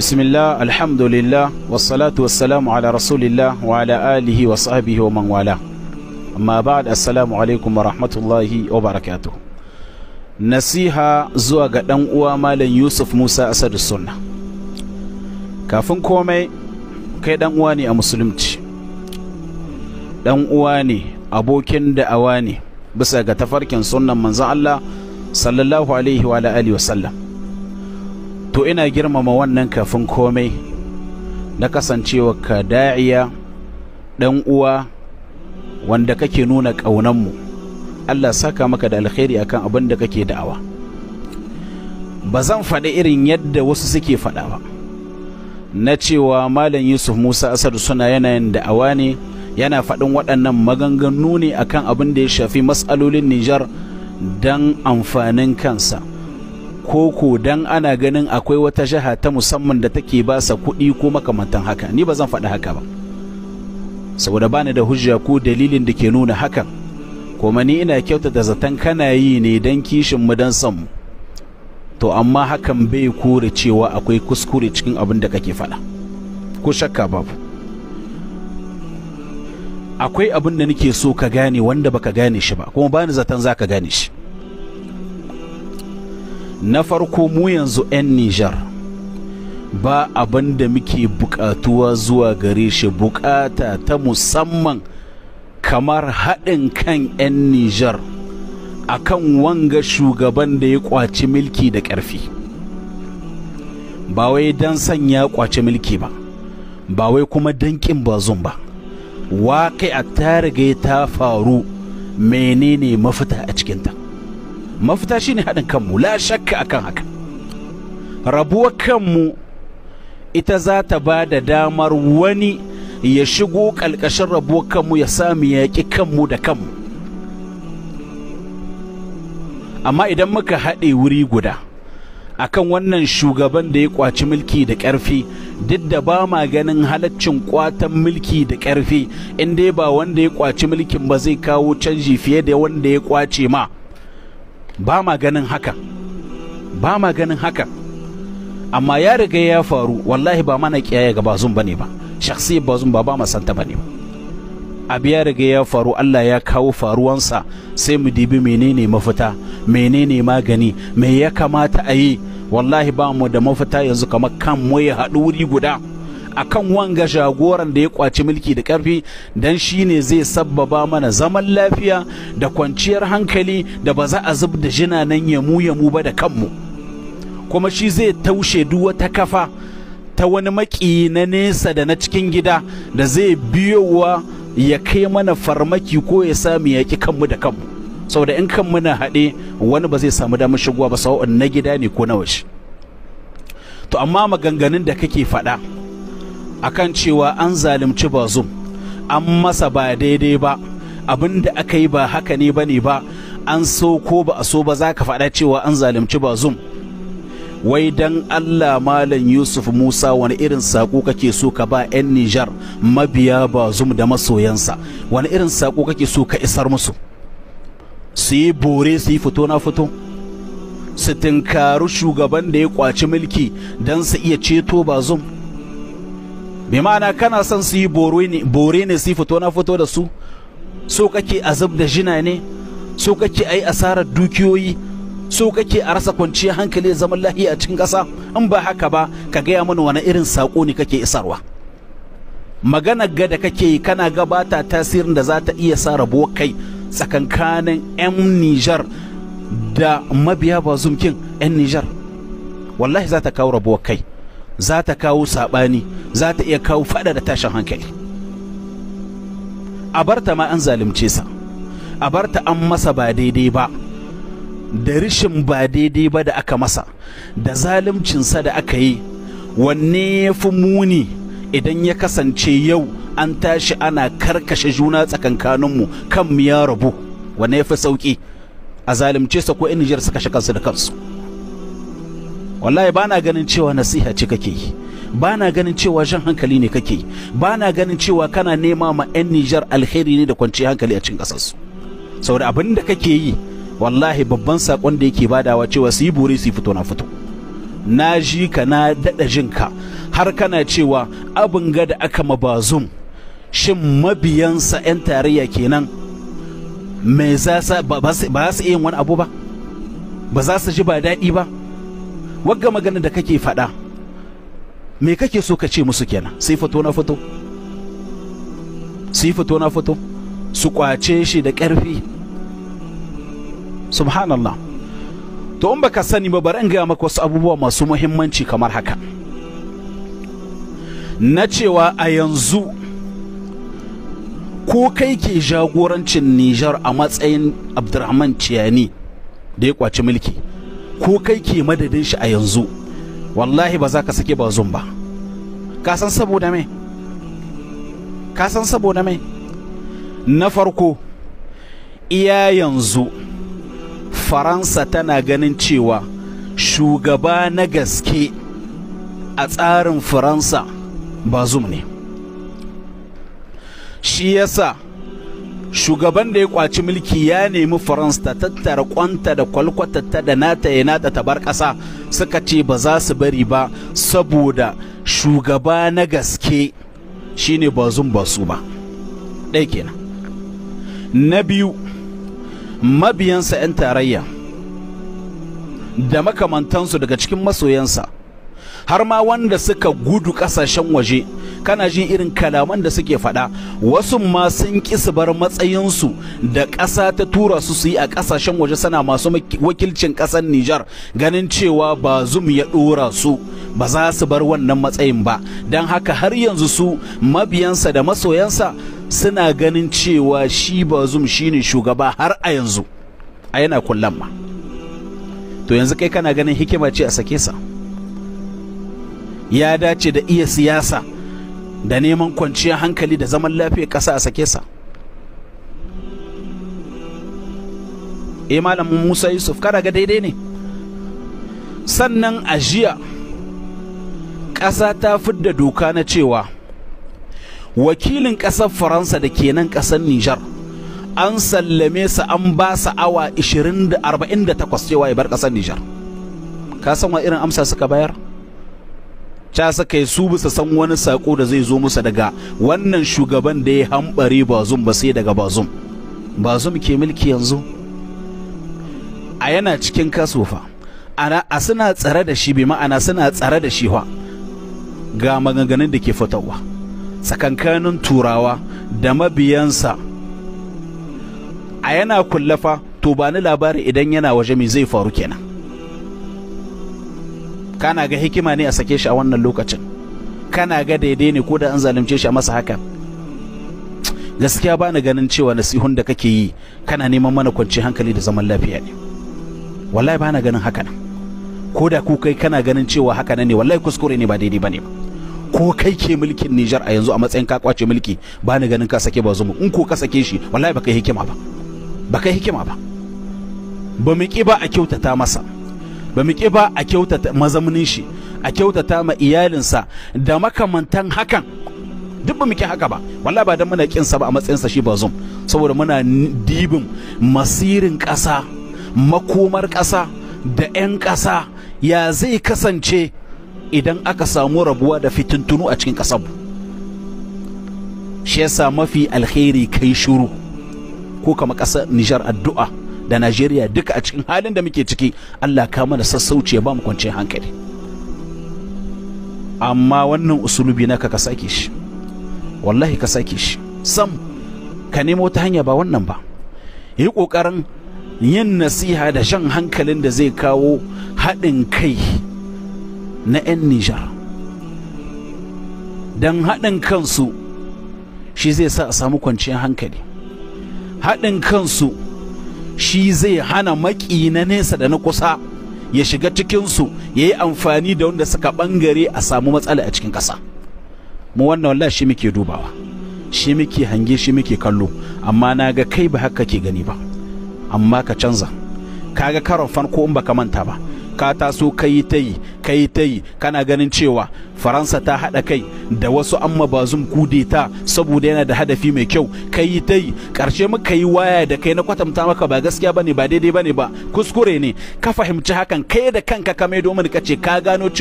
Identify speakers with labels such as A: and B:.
A: bismillah alhamdulillah wassalatu wassalamu ala rasulillah wa ala alihi wa sahbihi wa man wala amma da assalamu alaikum wa rahmatullahi wa barakatuh nasiha zuwa ga dan uwa malam yusuf musa asadu suna kafin komai kai dan uwa ne a musulunci dan uwa ne abokin da'awa ne bisa ga tafarkin sunan manzan Allah sallallahu alaihi wa ala alihi wa sallam to ina girmama wannan kafin komai na kasancewa ka da'iya ɗan uwa wanda kake nuna mu. Allah saka maka da alkhairi akan abin da kake da'awa ba zan faɗi irin yadda wasu suke faɗa ba na cewa malam yusuf musa asadu suna yana yin da'awa ne yana faɗin waɗannan maganganu ne akan abin da ya shafi matsalolin nijar don amfanin kansa koko dan ana ganin akwai wata jiha ta musamman da take ba sa kuɗi ko makamantan haka ni ba zan faɗi haka ba saboda bani da hujja ko dalilin da ke nuna hakan kuma ni ina kyautata zaton kana yi ne dan kishin mu dan san mu to amma hakan bai kore cewa akwai kuskure cikin abin da kake faɗa ko shakka babu akwai abin da nake so ka gane wanda baka gane shi ba kuma bani zaton zaka gane shi na farko mu yanzu 'yan nijar ba abin da muke bukatuwa zuwa gare shi bukata ta musamman kamar haɗin kan 'yan nijar a kan wanga shugaban da ya kwaci milki da ƙarfi ba wai don sanya kwaci milki ba ba wai kuma dankin bazun ba kai a ta ta faru menene mafita a cikinta mafita shine haɗin kanmu la shakka a kan haka rabuwar kanmu ita za ta ba da damar wani ya shigo ƙalƙashin rabuwar kanmu ya samu yaƙi kanmu da kanmu amma idan muka haɗe wuri guda a kan wannan shugaban da ya kwaci mulki da ƙarfi duk da ba ma ganin halaccin kwatan mulki da ƙarfi in dai ba wanda ya kwaci mulkin ba zai kawo canji fiye da wanda ya kwace ma ba ma ganin hakan ba ma ganin haka amma ya riga ya faru wallahi ba mana kiyaye ga bazun bane ba shakhsi bazun ba ba ma santa bane ba abu ya riga ya faru Allah ya kawo faruwansa sai mu dibi menene mafita menene magani me ya kamata a yi wallahi ba mu da mafita yanzu kamar kan mu ya haɗu wuri guda akan wanga jagoran da ya kwaci mulki da karfi dan shine zai sabbaba mana zaman lafiya da kwanciyar hankali da ba za a zub da jinanan yamu yamu ba da kanmu kuma shi zai taushe duk wata kafa ta wani maki na nesa da na cikin gida da zai biyowa ya kai mana farmaki ko ya samu yaki kanmu da kanmu saboda in kan muna haɗe wani ba zai samu damar shigowa ba sawa'un na gida ne ko na waje to amma maganganun da kake faɗa akan cewa an zalimci bazum an masa ba daidai ba abin da aka yi ba haka ne ba ne ba an so ko ba a so ba za ka faɗa cewa an zalimci bazum wai dan Allah Malam Yusuf Musa wani irin sako kake so ka ba 'yan Nijar mabiya bazum da masoyansa wani irin sako kake so ka isar musu su yi bore su yi fito na fito su tinkari shugaban da ya kwaci mulki don su iya ceto bazum bi ma'ana kana son su yi bore ne su fito na fito da su so kake azab da jina ne so kake a yi asarar dukiyoyi so kake a rasa kwanciyar hankali zaman lahiya a cikin ƙasa in ba haka ba ka gaya mana wani irin sako ne kake isarwa magana ga da kake yi kana gabata tasirin da za ta iya sa rabuwar kai tsakankanin 'yan Nijar da mabiya bazumkin 'yan Nijar wallahi za ta kawo rabuwar kai za ta kawo saɓani za ta iya kawo faɗa da tashin hankali a barta ma an zalunce sa a barta an masa ba daidai ba da rishin ba daidai ba da aka masa da zaluncinsa da aka yi wanne ya fi muni idan ya kasance yau an tashi ana karkashe juna tsakankaninmu kan ya rabu wanne ya fi sauƙi a zalunce sa ko inijiyar suka shi kansu da kansu wallahi bana ganin cewa nasiha ce kake yi bana ganin cewa jan hankali ne kake yi bana ganin cewa kana nema ma 'yan Nijar alheri ne da kwanciya hankali a cikin ƙasarsu saboda abin da kake yi wallahi babban sakon da yake badawa cewa su yi bore su yi fito na fito na ji ka na daɗa ka har kana cewa abin ga da aka mabazum shin mabiyansa 'yan tarayya kenan me za ba su yin wani abu ba ba za su ji ba daɗi ba wagga magana da kake faɗa me kake so ka ce musu kenan sai fito na fito sai fito na fito su kwace shi da ƙarfi subhanallah to in baka sani ba bari in gaya maka wasu abubuwa masu muhimmanci kamar haka na cewa a yanzu ko kai ke jagorancin Nijar a matsayin Abdurrahman Ciyani da ya kwaci mulki ko kai ke madadin shi a yanzu wallahi ba za ka sake bazum ba ka san saboda me ka san saboda mai na farko iya yanzu faransa tana ganin cewa shugaba na gaske a tsarin faransa bazum ne shi yasa shugaban da ya kwaci mulki ya nemi faransa ta tattara kwanta da ta da nata ya nata ta bar ƙasa suka ce ba za su bari ba saboda shugaba na gaske shine zun ba su ba ɗaya kenan na biyu mabiyansa 'yan tarayya da makamantansu daga cikin masoyansa har ma wanda suka gudu kasashen waje kana jin irin kalaman da suke faɗa wasu ma sun ƙi su bar matsayinsu da ƙasa ta tura su su yi a ƙasashen waje sana masu wakilcin ƙasar Nijar ganin cewa ba zum ya dora su ba za su bar wannan matsayin ba don haka har yanzu su mabiyansa da masoyansa suna ganin cewa shi ba zum shine shugaba har a yanzu a yana kullum to yanzu kai kana ganin hikima ce a sake sa ya dace da iya siyasa da neman kwanciyar hankali da zaman lafiyar kasa a sake sa e malamin musa yusuf kada ga daidai ne sannan a jiya ƙasa ta fidda doka na cewa wakilin ƙasar faransa da ke nan ƙasar nijar an sallame sa an ba sa awa 48 cewa ya bar ƙasar nijar ka san wa irin amsa suka bayar ta saka ya su bisa san wani sako da zai zo musa daga wannan shugaban da ya hambare bazum ba sai daga bazum bazum ke mulki yanzu a yana cikin kasofa ana a suna tsare da shi bi ma'ana suna tsare da shi fa ga maganganun da ke fitowa tsakankanin turawa da mabiyansa a yana kullafa to ba ni labari idan yana waje me zai faru kenan kana ga hikima ne a sake shi a wannan lokacin kana ga daidai ne ko da an zalunce shi a masa haka gaskiya ba ni ganin cewa nasihun da kake yi kana neman mana kwanci hankali da zaman lafiya ne wallahi ba na ganin haka ko da ku kai kana ganin cewa haka ne wallahi kuskure ne ba daidai bane ba ko kai ke mulkin Nijar a yanzu a matsayin ka kwace mulki ba ni ganin ka sake ba zumu in ko ka sake shi wallahi ba kai hikima ba ba kai hikima ba ba mu ki ba a kyautata masa ba mu ƙi ba a kyautata mazamunin shi a kyautata ma iyalinsa da makamantan hakan duk ba mu ƙi haka ba wallahi ba dan muna ƙin sa ba a matsayinsa shi ba zum saboda muna dibin masirin ƙasa makomar ƙasa da 'yan ƙasa ya zai kasance idan aka samu rabuwa da fitintunu a cikin ƙasar shi yasa mafi alheri kai shuru ko kama ƙasar Nijar addu'a da najeriya duka a cikin halin da muke ciki allah ka mana sassauci ya ba mu kwanciyar hankali amma wannan usulubi naka ka sake shi wallahi ka sake shi sam ka nemo ta hanya ba wannan ba yi kokarin yin nasiha da shan hankalin da zai kawo haɗin kai na 'yan nijar don haɗin kansu shi zai sa a samu kwanciyar hankali haɗin kansu shi zai hana maki na nesa da na kusa ya shiga cikinsu ya yi amfani da wanda suka bangare a samu matsala a cikin ƙasa mu wannan wallah shi muke dubawa shi muke hange shi muke kallo amma na ga kai ba haka ke gani ba amma ka canza ka ga karon farko in baka manta ba ka taso kai ta yi kai ta yi kana ganin cewa faransa ta haɗa kai da wasu amma bazum kudeta saboda yana da hadafi mai kyau kai dai ƙarshe muka yi waya da kai na kwatanta maka ba gaskiya bane ba daidai bane ba kuskure ne ka fahimci hakan kai da kanka ka mai domin ka ce ka gano cewa